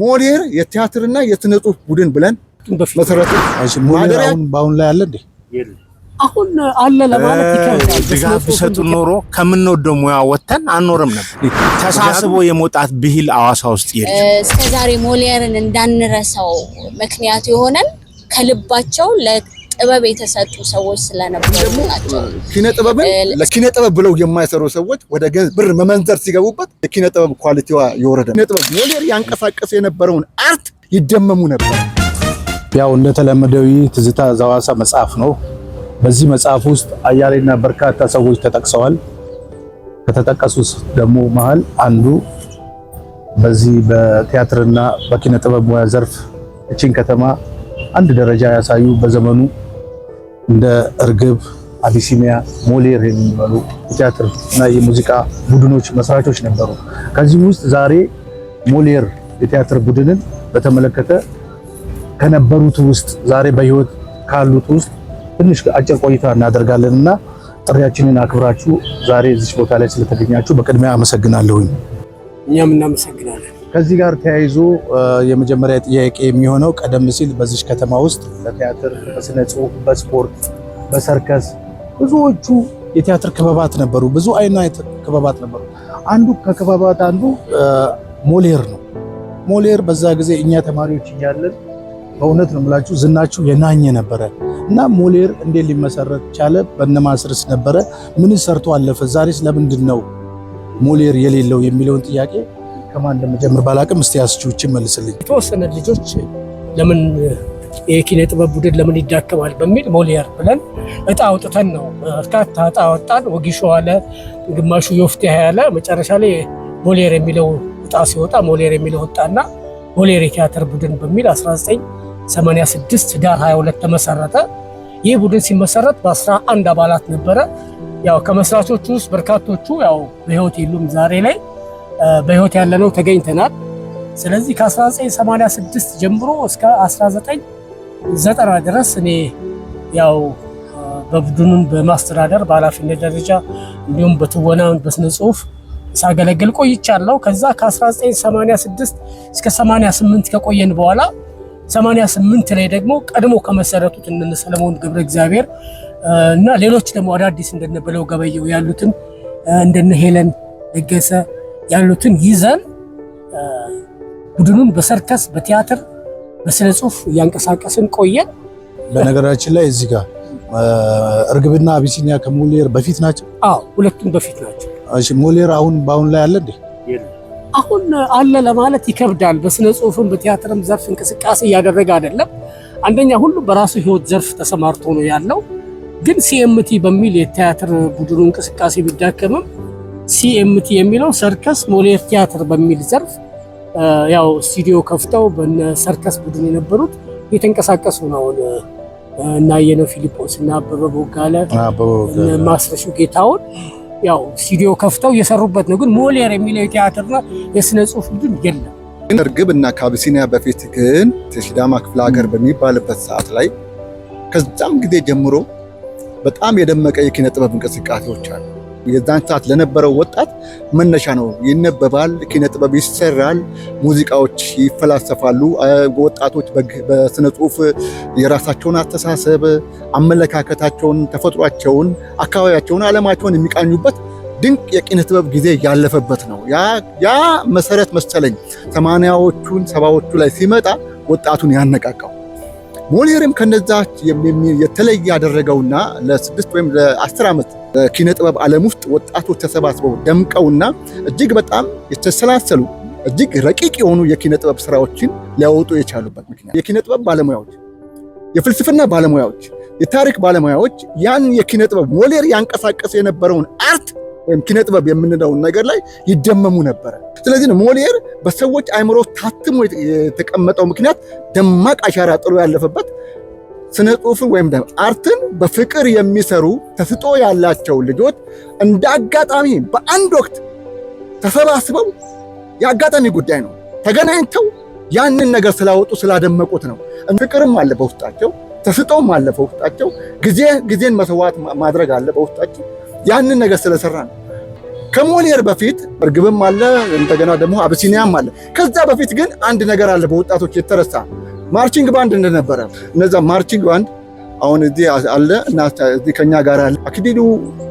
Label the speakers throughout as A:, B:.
A: ሞዴር የቲያትርና የስነ ቡድን ብለን መሰረቱ። በአሁን ላይ አለ እንዴ?
B: አሁን አለ ለማለት ይቻላል።
A: ድጋፍ ቢሰጡን ኖሮ ከምንወደው ሙያ ወጥተን አንኖርም ነበር። ተሳስቦ የመውጣት ብሂል አዋሳ ውስጥ
C: የለም። እስከዛሬ ሞሊየርን እንዳንረሳው ምክንያት የሆነን ከልባቸው ጥበብ የተሰጡ ሰዎች ስለነበሩ
A: ናቸው። ኪነ ጥበብን ለኪነ ጥበብ ብለው የማይሰሩ ሰዎች ወደ ብር መመንዘር ሲገቡበት የኪነ ጥበብ ኳሊቲዋ የወረደ ነው። ጥበብ ሞሊየር ያንቀሳቀስ የነበረውን አርት ይደመሙ ነበር። ያው እንደተለመደው ይህ ትዝታ ዘሐዋሳ መጽሐፍ ነው። በዚህ መጽሐፍ ውስጥ አያሌና በርካታ ሰዎች ተጠቅሰዋል። ከተጠቀሱት ደግሞ መሀል አንዱ በዚህ በቲያትርና በኪነ ጥበብ ሙያ ዘርፍ እቺን ከተማ አንድ ደረጃ ያሳዩ በዘመኑ እንደ እርግብ፣ አቢሲኒያ፣ ሞሌር የሚባሉ የቲያትር እና የሙዚቃ ቡድኖች መስራቾች ነበሩ። ከዚህ ውስጥ ዛሬ ሞሌር የቲያትር ቡድንን በተመለከተ ከነበሩት ውስጥ ዛሬ በህይወት ካሉት ውስጥ ትንሽ አጭር ቆይታ እናደርጋለን እና ጥሪያችንን አክብራችሁ ዛሬ እዚች ቦታ ላይ ስለተገኛችሁ በቅድሚያ አመሰግናለሁኝ።
B: እኛም እናመሰግናለን።
A: ከዚህ ጋር ተያይዞ የመጀመሪያ ጥያቄ የሚሆነው ቀደም ሲል በዚች ከተማ ውስጥ በቲያትር፣ በስነ ጽሁፍ፣ በስፖርት፣ በሰርከስ ብዙዎቹ የቲያትር ክበባት ነበሩ። ብዙ አይነት ክበባት ነበሩ። አንዱ ከክበባት አንዱ ሞሌር ነው። ሞሌር በዛ ጊዜ እኛ ተማሪዎች እያለን በእውነት ነው የምላችሁ ዝናችሁ የናኘ ነበረ እና ሞሌር እንዴት ሊመሰረት ቻለ? በነማስርስ ነበረ? ምን ሰርቶ አለፈ? ዛሬስ ለምንድን ነው ሞሌር የሌለው የሚለውን ጥያቄ ከማን እንደምጀምር ባላቅም እስቲ ያስችዎችን መልስልኝ።
B: የተወሰነ ልጆች ለምን የኪነ ጥበብ ቡድን ለምን ይዳከማል በሚል ሞሊየር ብለን እጣ አውጥተን ነው በርካታ እጣ ወጊሾ አለ፣ ግማሹ ዮፍቴ ያለ፣ መጨረሻ ላይ ሞሊየር የሚለው እጣ ሲወጣ ሞሊየር የሚለው ወጣና ሞሊየር የቲያትር ቡድን በሚል 1986 ዳር 22 ተመሰረተ። ይህ ቡድን ሲመሰረት በ11 አባላት ነበረ። ያው ከመስራቾቹ ውስጥ በርካቶቹ ያው በህይወት የሉም ዛሬ ላይ በህይወት ያለ ነው ተገኝተናል። ስለዚህ ከ1986 ጀምሮ እስከ 1990 ድረስ እኔ ያው በቡድኑን በማስተዳደር በኃላፊነት ደረጃ እንዲሁም በትወና በስነ ጽሁፍ ሳገለግል ቆይቻለሁ። ከዛ ከ1986 እስከ 88 ከቆየን በኋላ 88 ላይ ደግሞ ቀድሞ ከመሰረቱት እነ ሰለሞን ገብረ እግዚአብሔር እና ሌሎች ደግሞ አዳዲስ እንደነበለው ገበየው ያሉትን እንደነ ሄለን ደገሰ ያሉትን ይዘን ቡድኑን በሰርከስ በቲያትር በስነ ጽሁፍ እያንቀሳቀስን ቆየን።
A: በነገራችን ላይ እዚህ ጋር እርግብና አቢሲኒያ ከሞሌር በፊት ናቸው።
B: አዎ ሁለቱም በፊት ናቸው።
A: እሺ ሞሌር አሁን በአሁን ላይ አለ እንዴ?
B: አሁን አለ ለማለት ይከብዳል። በስነ ጽሁፍም በቲያትርም ዘርፍ እንቅስቃሴ እያደረገ አይደለም። አንደኛ ሁሉ በራሱ ህይወት ዘርፍ ተሰማርቶ ነው ያለው። ግን ሲኤምቲ በሚል የቲያትር ቡድኑ እንቅስቃሴ ቢዳከምም ሲኤምቲ የሚለው ሰርከስ ሞሌር ቲያትር በሚል ዘርፍ ያው ስቱዲዮ ከፍተው በነ ሰርከስ ቡድን የነበሩት የተንቀሳቀሱ ነው። እና የነ ፊሊፖስ እና አበበ ቦጋለ ማስረሹ ጌታውን ያው ስቱዲዮ ከፍተው እየሰሩበት ነው። ግን ሞሌር የሚለው የቲያትርና የስነ ጽሁፍ ቡድን የለም።
A: እርግብ እና ከአቢሲኒያ በፊት ግን ሲዳማ ክፍለ ሀገር በሚባልበት ሰዓት ላይ ከዛም ጊዜ ጀምሮ በጣም የደመቀ የኪነ ጥበብ እንቅስቃሴዎች አሉ። የዛን ሰዓት ለነበረው ወጣት መነሻ ነው። ይነበባል፣ ኪነ ጥበብ ይሰራል፣ ሙዚቃዎች ይፈላሰፋሉ። ወጣቶች በስነ ጽሁፍ የራሳቸውን አስተሳሰብ፣ አመለካከታቸውን፣ ተፈጥሯቸውን፣ አካባቢያቸውን፣ አለማቸውን የሚቃኙበት ድንቅ የኪነ ጥበብ ጊዜ ያለፈበት ነው። ያ መሰረት መሰለኝ ሰማንያዎቹን ሰባዎቹ ላይ ሲመጣ ወጣቱን ያነቃቃው። ሞሊየርም ከነዛ የተለየ ያደረገውና ለስድስት ወይም ለአስር ዓመት ኪነ ጥበብ ዓለም ውስጥ ወጣቶች ተሰባስበው ደምቀውና እጅግ በጣም የተሰላሰሉ እጅግ ረቂቅ የሆኑ የኪነ ጥበብ ስራዎችን ሊያወጡ የቻሉበት ምክንያት የኪነ ጥበብ ባለሙያዎች፣ የፍልስፍና ባለሙያዎች፣ የታሪክ ባለሙያዎች ያን የኪነ ጥበብ ሞሌር ያንቀሳቀስ የነበረውን አርት ወይም ኪነ ጥበብ የምንለውን ነገር ላይ ይደመሙ ነበረ። ስለዚህ ሞሊየር በሰዎች አእምሮ ታትሞ የተቀመጠው ምክንያት ደማቅ አሻራ ጥሎ ያለፈበት ስነ ጽሁፍን ወይም አርትን በፍቅር የሚሰሩ ተስጦ ያላቸው ልጆች እንደ አጋጣሚ በአንድ ወቅት ተሰባስበው የአጋጣሚ ጉዳይ ነው ተገናኝተው ያንን ነገር ስላወጡ ስላደመቁት ነው። ፍቅርም አለ በውስጣቸው፣ ተስጦም አለ በውስጣቸው፣ ጊዜ ጊዜን መሰዋት ማድረግ አለ በውስጣቸው። ያንን ነገር ስለሰራ ነው። ከሞሊየር በፊት እርግብም አለ እንደገና ደግሞ አብሲኒያም አለ። ከዛ በፊት ግን አንድ ነገር አለ በወጣቶች የተረሳ ማርቺንግ ባንድ እንደነበረ እነዛ ማርቺንግ ባንድ አሁን እዚህ አለ እና እዚህ ከኛ ጋር አለ። አክሊሉ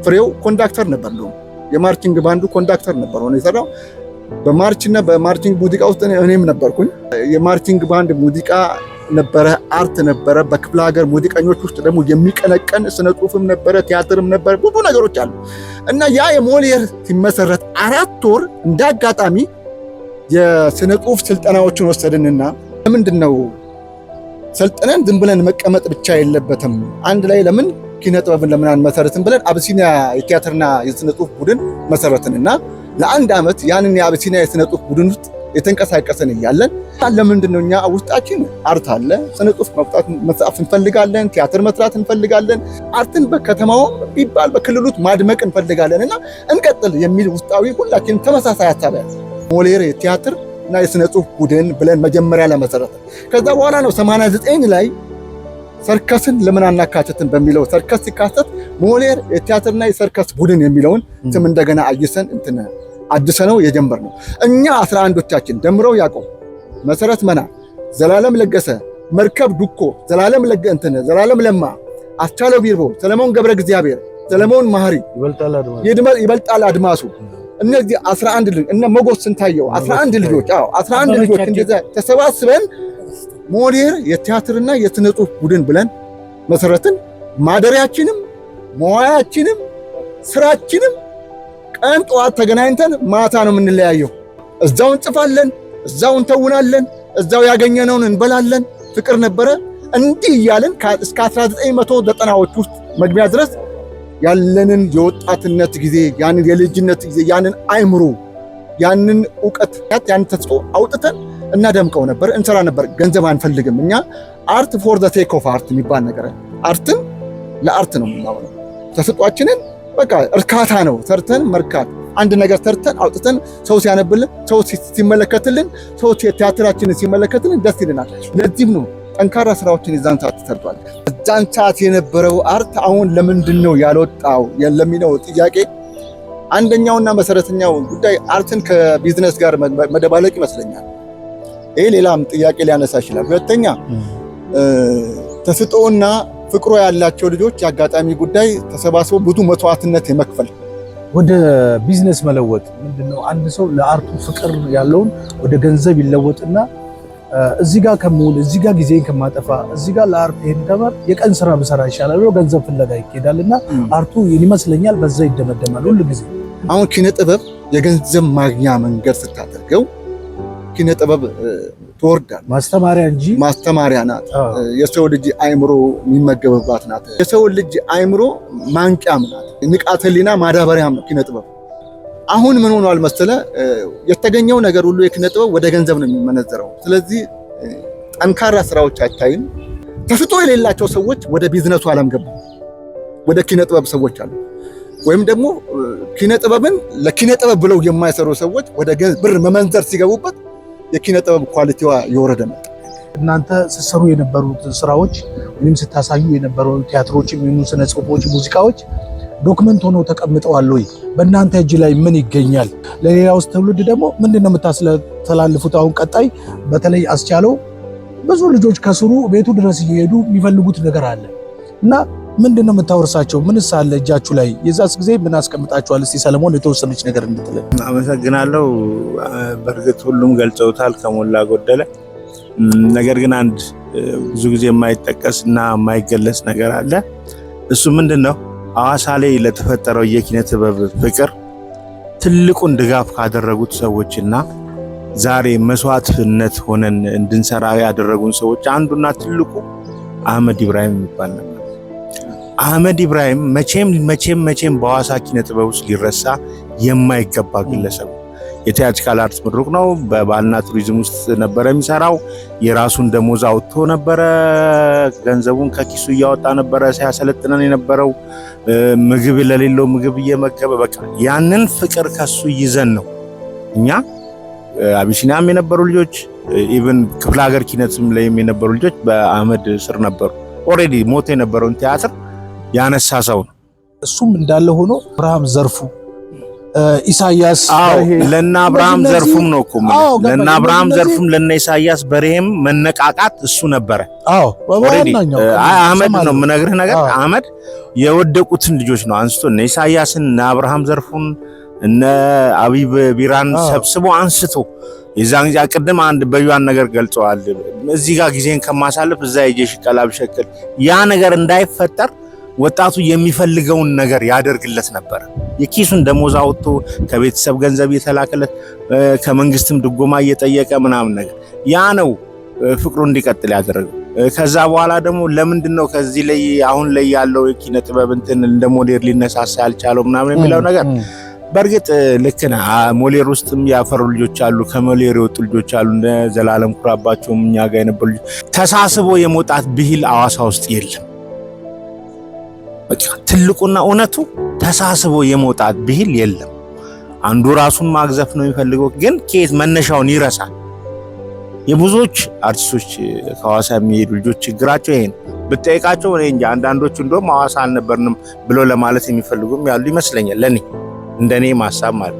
A: ፍሬው ኮንዳክተር ነበር ነው የማርቺንግ ባንዱ ኮንዳክተር ነበር ሆነ የሰራው በማርች እና በማርቺንግ ሙዚቃ ውስጥ እኔም ነበርኩኝ። የማርቺንግ ባንድ ሙዚቃ ነበረ፣ አርት ነበረ። በክፍለ ሀገር ሙዚቀኞች ውስጥ ደግሞ የሚቀነቀን ስነ ጽሁፍም ነበረ፣ ቲያትርም ነበረ፣ ብዙ ነገሮች አሉ እና ያ የሞሊየር ሲመሰረት አራት ወር እንደ አጋጣሚ የስነ ጽሁፍ ስልጠናዎችን ወሰድንና ለምንድን ነው ሰልጥነን ዝም ብለን መቀመጥ ብቻ የለበትም። አንድ ላይ ለምን ኪነ ጥበብን ለምን መሰረትን ብለን አብሲኒያ የቲያትርና የስነ ጽሁፍ ቡድን መሰረትን እና ለአንድ ዓመት ያንን የአብሲኒያ የስነ ጽሁፍ ቡድን ውስጥ የተንቀሳቀሰን እያለን ለምንድን ነው እኛ ውስጣችን አርት አለ። ስነ ጽሁፍ መጽሐፍ እንፈልጋለን፣ ቲያትር መስራት እንፈልጋለን፣ አርትን በከተማውም ቢባል በክልሉት ማድመቅ እንፈልጋለን እና እንቀጥል የሚል ውስጣዊ ሁላችንም ተመሳሳይ ሀሳብ ሞሌር ቲያትር እና የሥነ ጽሁፍ ቡድን ብለን መጀመሪያ ለመሰረተ ከዛ በኋላ ነው 89 ላይ ሰርከስን ለምን አናካተትን በሚለው ሰርከስ ሲካተት ሞሌር የቲያትርና የሰርከስ ቡድን የሚለውን ስም እንደገና አይሰን እንትን የጀመር ነው። እኛ 11ዶቻችን ደምረው ያቆም መሰረት መና፣ ዘላለም ለገሰ፣ መርከብ ዱኮ፣ ዘላለም ለገ እንትን ዘላለም ለማ፣ አስቻለው ቢርቦ፣ ሰለሞን ገብረ እግዚአብሔር፣ ሰለሞን ማህሪ፣ ይበልጣል አድማሱ እነዚህ 11 ልጅ እነ መጎስ ስንታየው 11 ልጆች አዎ 11 ልጆች እንደዛ ተሰባስበን ሞዴር የቲያትርና የስነ ቡድን ብለን መሰረትን። ማደሪያችንም መዋያችንም ስራችንም ቀን ጠዋት ተገናኝተን ማታ ነው የምንለያየው። እዛው እንጽፋለን፣ እዛው እንተውናለን፣ እዛው ያገኘነውን እንበላለን። ፍቅር ነበረ። እንዲህ እያለን እስከ 1990ዎቹ ውስጥ መግቢያ ድረስ ያለንን የወጣትነት ጊዜ ያንን የልጅነት ጊዜ ያንን አይምሮ ያንን እውቀት ያን ተጽፎ አውጥተን እናደምቀው ነበር፣ እንሰራ ነበር። ገንዘብ አንፈልግም እኛ። አርት ፎር ዘ ቴክ ኦፍ አርት የሚባል ነገር አርትን ለአርት ነው የምናውለው። ተሰጧችንን በቃ እርካታ ነው ሰርተን መርካት። አንድ ነገር ሰርተን አውጥተን ሰው ሲያነብልን፣ ሰው ሲመለከትልን፣ ሰው ቲያትራችንን ሲመለከትልን ደስ ይልናል። ለዚህም ነው ጠንካራ ስራዎችን የዛን ሰዓት ተሰርቷል። በዛን ሰዓት የነበረው አርት አሁን ለምንድን ነው ያልወጣው ለሚለው ጥያቄ አንደኛውና መሰረተኛው ጉዳይ አርትን ከቢዝነስ ጋር መደባለቅ ይመስለኛል። ይህ ሌላም ጥያቄ ሊያነሳ ይችላል። ሁለተኛ ተስጦና ፍቅሮ ያላቸው ልጆች የአጋጣሚ ጉዳይ ተሰባስቦ ብዙ መስዋዕትነት የመክፈል
B: ወደ ቢዝነስ መለወጥ ምንድነው? አንድ ሰው ለአርቱ ፍቅር ያለውን ወደ ገንዘብ ይለወጥና እዚህ ጋር ከምውል እዚህ ጋር ጊዜን ከማጠፋ እዚህ ጋር ለአርት ይሄን ተማር የቀን ስራ ብሰራ ይሻላል ብሎ ገንዘብ ፍለጋ ይኬዳልና አርቱ ይመስለኛል በዛ ይደመደማል ሁሉ ጊዜ።
A: አሁን ኪነ ጥበብ የገንዘብ ማግኛ መንገድ ስታደርገው ኪነ ጥበብ ትወርዳል።
B: ማስተማሪያ እንጂ
A: ማስተማሪያ ናት። የሰው ልጅ አይምሮ የሚመገብባት ናት። የሰው ልጅ አይምሮ ማንቂያም ናት። ንቃተ ህሊና ማዳበሪያም ነው ኪነ ጥበብ አሁን ምን ሆኗል መሰለ፣ የተገኘው ነገር ሁሉ የኪነ ጥበብ ወደ ገንዘብ ነው የሚመነዘረው። ስለዚህ ጠንካራ ስራዎች አይታይም ተፍጦ የሌላቸው ሰዎች ወደ ቢዝነሱ ዓለም ገቡ፣ ወደ ኪነ ጥበብ ሰዎች አሉ። ወይም ደግሞ ኪነ ጥበብን ለኪነ ጥበብ ብለው የማይሰሩ ሰዎች ወደ ብር መመንዘር ሲገቡበት የኪነ ጥበብ ኳሊቲዋ የወረደ ነው። እናንተ ስትሰሩ የነበሩት ስራዎች ወይም ስታሳዩ የነበሩ ቲያትሮች የሚሆኑ ስነ ጽሁፎች፣ ሙዚቃዎች ዶክመንት ሆኖ ተቀምጠዋል ወይ? በእናንተ እጅ ላይ ምን ይገኛል? ለሌላውስ ትውልድ ደግሞ ምንድን ነው የምታስተላልፉት? አሁን ቀጣይ በተለይ አስቻለው ብዙ ልጆች ከስሩ ቤቱ ድረስ እየሄዱ የሚፈልጉት ነገር አለ እና ምንድን ነው የምታወርሳቸው? ምንስ አለ እጃችሁ ላይ? የዛስ ጊዜ ምን አስቀምጣችኋል? እስቲ ሰለሞን የተወሰነች ነገር እንድትለን። አመሰግናለሁ። በእርግጥ ሁሉም ገልጸውታል ከሞላ ጎደለ። ነገር ግን አንድ ብዙ ጊዜ የማይጠቀስ እና የማይገለጽ ነገር አለ። እሱ ምንድን ነው? አዋሳ ላይ ለተፈጠረው የኪነ ጥበብ ፍቅር ትልቁን ድጋፍ ካደረጉት ሰዎችና ዛሬ መስዋዕትነት ሆነን እንድንሰራ ያደረጉን ሰዎች አንዱና ትልቁ አህመድ ኢብራሂም የሚባል ነበር። አህመድ ኢብራሂም መቼም መቼም መቼም በአዋሳ ኪነ ጥበብ ውስጥ ሊረሳ የማይገባ ግለሰብ የቲያትሪካል አርት መድረክ ነው። በባህልና ቱሪዝም ውስጥ ነበረ የሚሰራው። የራሱን ደሞዝ አውጥቶ ነበረ፣ ገንዘቡን ከኪሱ እያወጣ ነበረ ሲያሰለጥነን የነበረው። ምግብ ለሌለው ምግብ እየመገበ በቃ ያንን ፍቅር ከሱ ይዘን ነው እኛ አቢሲኒያም የነበሩ ልጆች ኢቨን ክፍለ ሀገር ኪነትም ላይም የነበሩ ልጆች በአመድ ስር ነበሩ። ኦልሬዲ ሞቶ የነበረውን ቲያትር ያነሳ ሰው ነው።
B: እሱም እንዳለ ሆኖ አብርሃም ዘርፉ ኢሳያስ
A: uh, አብርሃም ዘርፉም ነው እኮ ለእነ አብርሃም ዘርፉም ኢሳያስ በርሄም መነቃቃት እሱ ነበረ። አህመድ ነው የምነግርህ ነገር አህመድ የወደቁትን ልጆች ነው አንስቶ እነ ኢሳያስን እነ አብርሃም ዘርፉን እነ አቢብ ቢራን ሰብስቦ አንስቶ የዛን ጊዜ ቅድም አንድ በዩዋን ነገር ገልጸዋል። እዚህ ጋር ጊዜን ከማሳለፍ እዛ ቀላብ ያ ነገር እንዳይፈጠር ወጣቱ የሚፈልገውን ነገር ያደርግለት ነበር። የኪሱን ደሞዝ አውጥቶ ከቤተሰብ ገንዘብ እየተላከለት ከመንግስትም ድጎማ እየጠየቀ ምናምን ነገር ያ ነው ፍቅሩ እንዲቀጥል ያደረገው። ከዛ በኋላ ደግሞ ለምንድን ነው ከዚህ ላይ አሁን ላይ ያለው የኪነ ጥበብ እንትን እንደ ሞዴር ሊነሳሳ ያልቻለው ምናምን የሚለው ነገር በእርግጥ ልክ ነህ። ሞሌር ውስጥም ያፈሩ ልጆች አሉ፣ ከሞሌር የወጡ ልጆች አሉ። እንደ ዘላለም ኩራባቸውም እኛ ጋር የነበሩ ተሳስቦ የመውጣት ብሂል አዋሳ ውስጥ የለም። በቃ ትልቁና እውነቱ ተሳስቦ የመውጣት ብሂል የለም። አንዱ ራሱን ማግዘፍ ነው የሚፈልገው፣ ግን ከየት መነሻውን ይረሳል። የብዙዎች አርቲስቶች ከሐዋሳ የሚሄዱ ልጆች ችግራቸው ይሄን ብጠይቃቸው እኔ እንጃ አንዳንዶቹ እንደውም ሐዋሳ አልነበርንም ብሎ ለማለት የሚፈልጉም ያሉ ይመስለኛል። ለኔ እንደኔ ማሳብ ማለት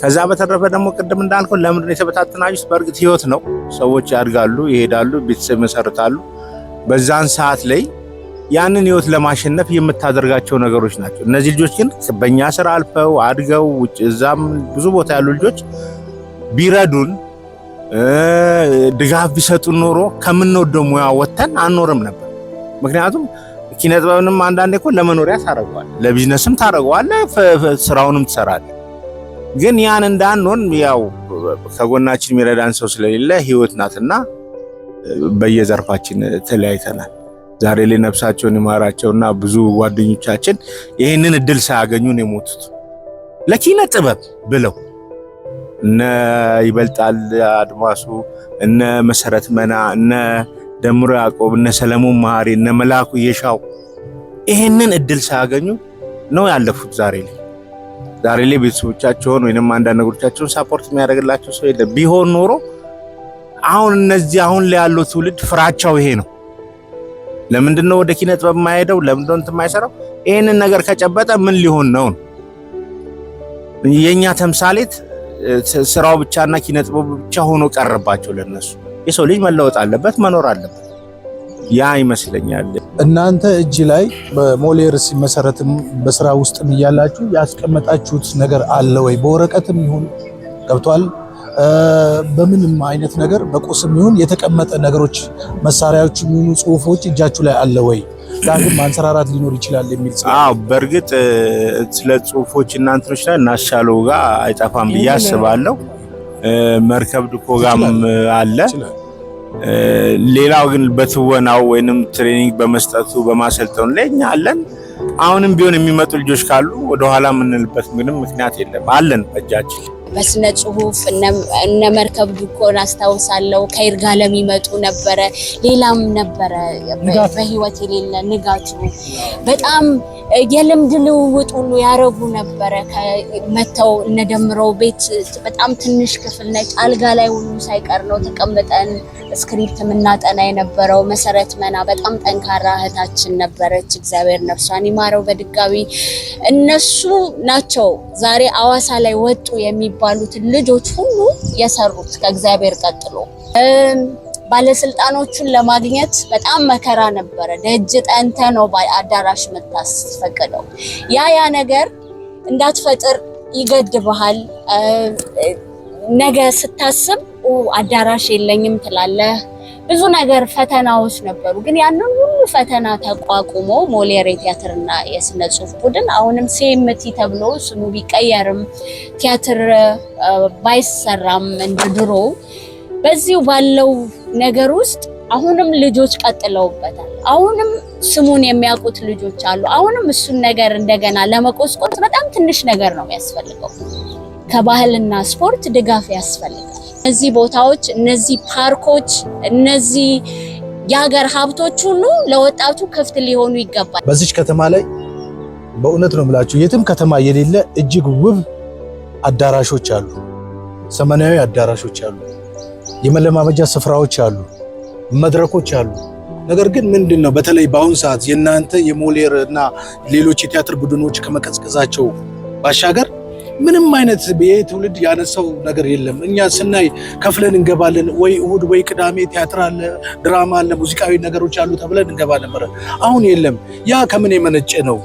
A: ከዛ በተረፈ ደግሞ ቅድም እንዳልከው ለምንድን የተበታተናችሁት? በእርግጥ ህይወት ነው። ሰዎች ያድጋሉ፣ ይሄዳሉ፣ ቤተሰብ ይመሰርታሉ። በዛን ሰዓት ላይ ያንን ህይወት ለማሸነፍ የምታደርጋቸው ነገሮች ናቸው። እነዚህ ልጆች ግን በእኛ ስራ አልፈው አድገው ውጭ እዛም ብዙ ቦታ ያሉ ልጆች ቢረዱን ድጋፍ ቢሰጡን ኖሮ ከምንወደው ሙያ ወጥተን አንኖርም ነበር። ምክንያቱም ኪነጥበብንም አንዳንዴ እኮ ለመኖሪያ ታደርገዋለህ፣ ለቢዝነስም ታደርገዋለህ፣ ስራውንም ትሰራለ ግን ያን እንዳንሆን ያው ከጎናችን የሚረዳን ሰው ስለሌለ ህይወት ናትና በየዘርፋችን ተለያይተናል። ዛሬ ላይ ነፍሳቸውን ይማራቸውና ብዙ ጓደኞቻችን ይህንን እድል ሳያገኙ ነው የሞቱት። ለኪነ ጥበብ ብለው እነ ይበልጣል አድማሱ፣ እነ መሰረት መና፣ እነ ደምሮ ያዕቆብ፣ እነ ሰለሞን መሀሪ፣ እነ መላኩ የሻው ይህንን እድል ሳያገኙ ነው ያለፉት። ዛሬ ላይ ዛሬ ላይ ቤተሰቦቻቸውን ወይም አንዳንድ ነገሮቻቸውን ሳፖርት የሚያደርግላቸው ሰው የለም። ቢሆን ኖሮ አሁን እነዚህ አሁን ላይ ያለው ትውልድ ፍራቻው ይሄ ነው። ለምንድን ነው ወደ ኪነ ጥበብ የማይሄደው? ለምንድን ነው የማይሰራው? ይህንን ነገር ከጨበጠ ምን ሊሆን ነው? የኛ ተምሳሌት ስራው ብቻና ኪነ ጥበቡ ብቻ ሆኖ ቀርባቸው ለነሱ። የሰው ልጅ መለወጥ አለበት፣ መኖር አለበት። ያ ይመስለኛል።
B: እናንተ እጅ ላይ በሞሌር ሲመሰረትም በስራ ውስጥም እያላችሁ ያስቀመጣችሁት ነገር አለ ወይ? በወረቀትም ይሁን ገብቷል በምንም አይነት ነገር በቁስም ይሁን የተቀመጠ ነገሮች መሳሪያዎች የሚሆኑ ጽሁፎች እጃችሁ ላይ አለ ወይ? ዳግም ማንሰራራት ሊኖር ይችላል የሚል
A: አዎ፣ በእርግጥ ስለ ጽሁፎች እና ላይ ናሻሎ ጋር አይጠፋም ብዬ አስባለሁ። መርከብ ድኮ ጋም አለ። ሌላው ግን በትወናው ወይንም ትሬኒንግ በመስጠቱ በማሰልጠኑ ላይ እኛ አለን። አሁንም ቢሆን የሚመጡ ልጆች ካሉ ወደኋላ የምንልበት ምንም ምክንያት የለም። አለን በእጃችን
C: በስነ ጽሁፍ እነ መርከብ ድኮን አስታውሳለሁ። ከይርጋለም ይመጡ ነበረ። ሌላም ነበረ በህይወት የሌለ ንጋቱ በጣም የልምድ ልውውጥ ሁሉ ያረጉ ነበረ። መተው እነደምረው ቤት በጣም ትንሽ ክፍል ነች። አልጋ ላይ ሁሉ ሳይቀር ነው ተቀምጠን ስክሪፕት የምናጠና የነበረው። መሰረት መና በጣም ጠንካራ እህታችን ነበረች። እግዚአብሔር ነፍሷን ይማረው። በድጋሚ እነሱ ናቸው ዛሬ አዋሳ ላይ ወጡ የሚ የሚባሉት ልጆች ሁሉ የሰሩት ከእግዚአብሔር ቀጥሎ ባለስልጣኖቹን ለማግኘት በጣም መከራ ነበረ። ደጅ ጠንተ ነው አዳራሽ የምታስፈቅደው። ያ ያ ነገር እንዳትፈጥር ይገድብሃል። ነገ ስታስብ አዳራሽ የለኝም ትላለህ። ብዙ ነገር ፈተናዎች ነበሩ። ግን ያንን ሁሉ ፈተና ተቋቁሞ ሞሌሬ ቲያትርና የስነ ጽሁፍ ቡድን አሁንም ሴምቲ ተብሎ ስሙ ቢቀየርም ቲያትር ባይሰራም እንደ ድሮ በዚሁ ባለው ነገር ውስጥ አሁንም ልጆች ቀጥለውበታል። አሁንም ስሙን የሚያውቁት ልጆች አሉ። አሁንም እሱን ነገር እንደገና ለመቆስቆስ በጣም ትንሽ ነገር ነው የሚያስፈልገው። ከባህልና ስፖርት ድጋፍ ያስፈልጋል። እነዚህ ቦታዎች፣ እነዚህ ፓርኮች፣ እነዚህ የሀገር ሀብቶች ሁሉ ለወጣቱ ክፍት ሊሆኑ ይገባል።
A: በዚች ከተማ ላይ በእውነት ነው የምላችሁ የትም ከተማ የሌለ እጅግ ውብ አዳራሾች አሉ። ዘመናዊ አዳራሾች አሉ። የመለማመጃ ስፍራዎች አሉ። መድረኮች አሉ። ነገር ግን ምንድን ነው በተለይ በአሁኑ ሰዓት የእናንተ የሞሌር እና ሌሎች የቲያትር ቡድኖች ከመቀዝቀዛቸው ባሻገር ምንም አይነት ይሄ ትውልድ ያነሳው ነገር የለም። እኛ ስናይ ከፍለን እንገባለን። ወይ እሁድ ወይ ቅዳሜ ቲያትር አለ፣ ድራማ አለ፣ ሙዚቃዊ ነገሮች አሉ ተብለን እንገባ ነበረ። አሁን የለም። ያ ከምን የመነጨ ነው?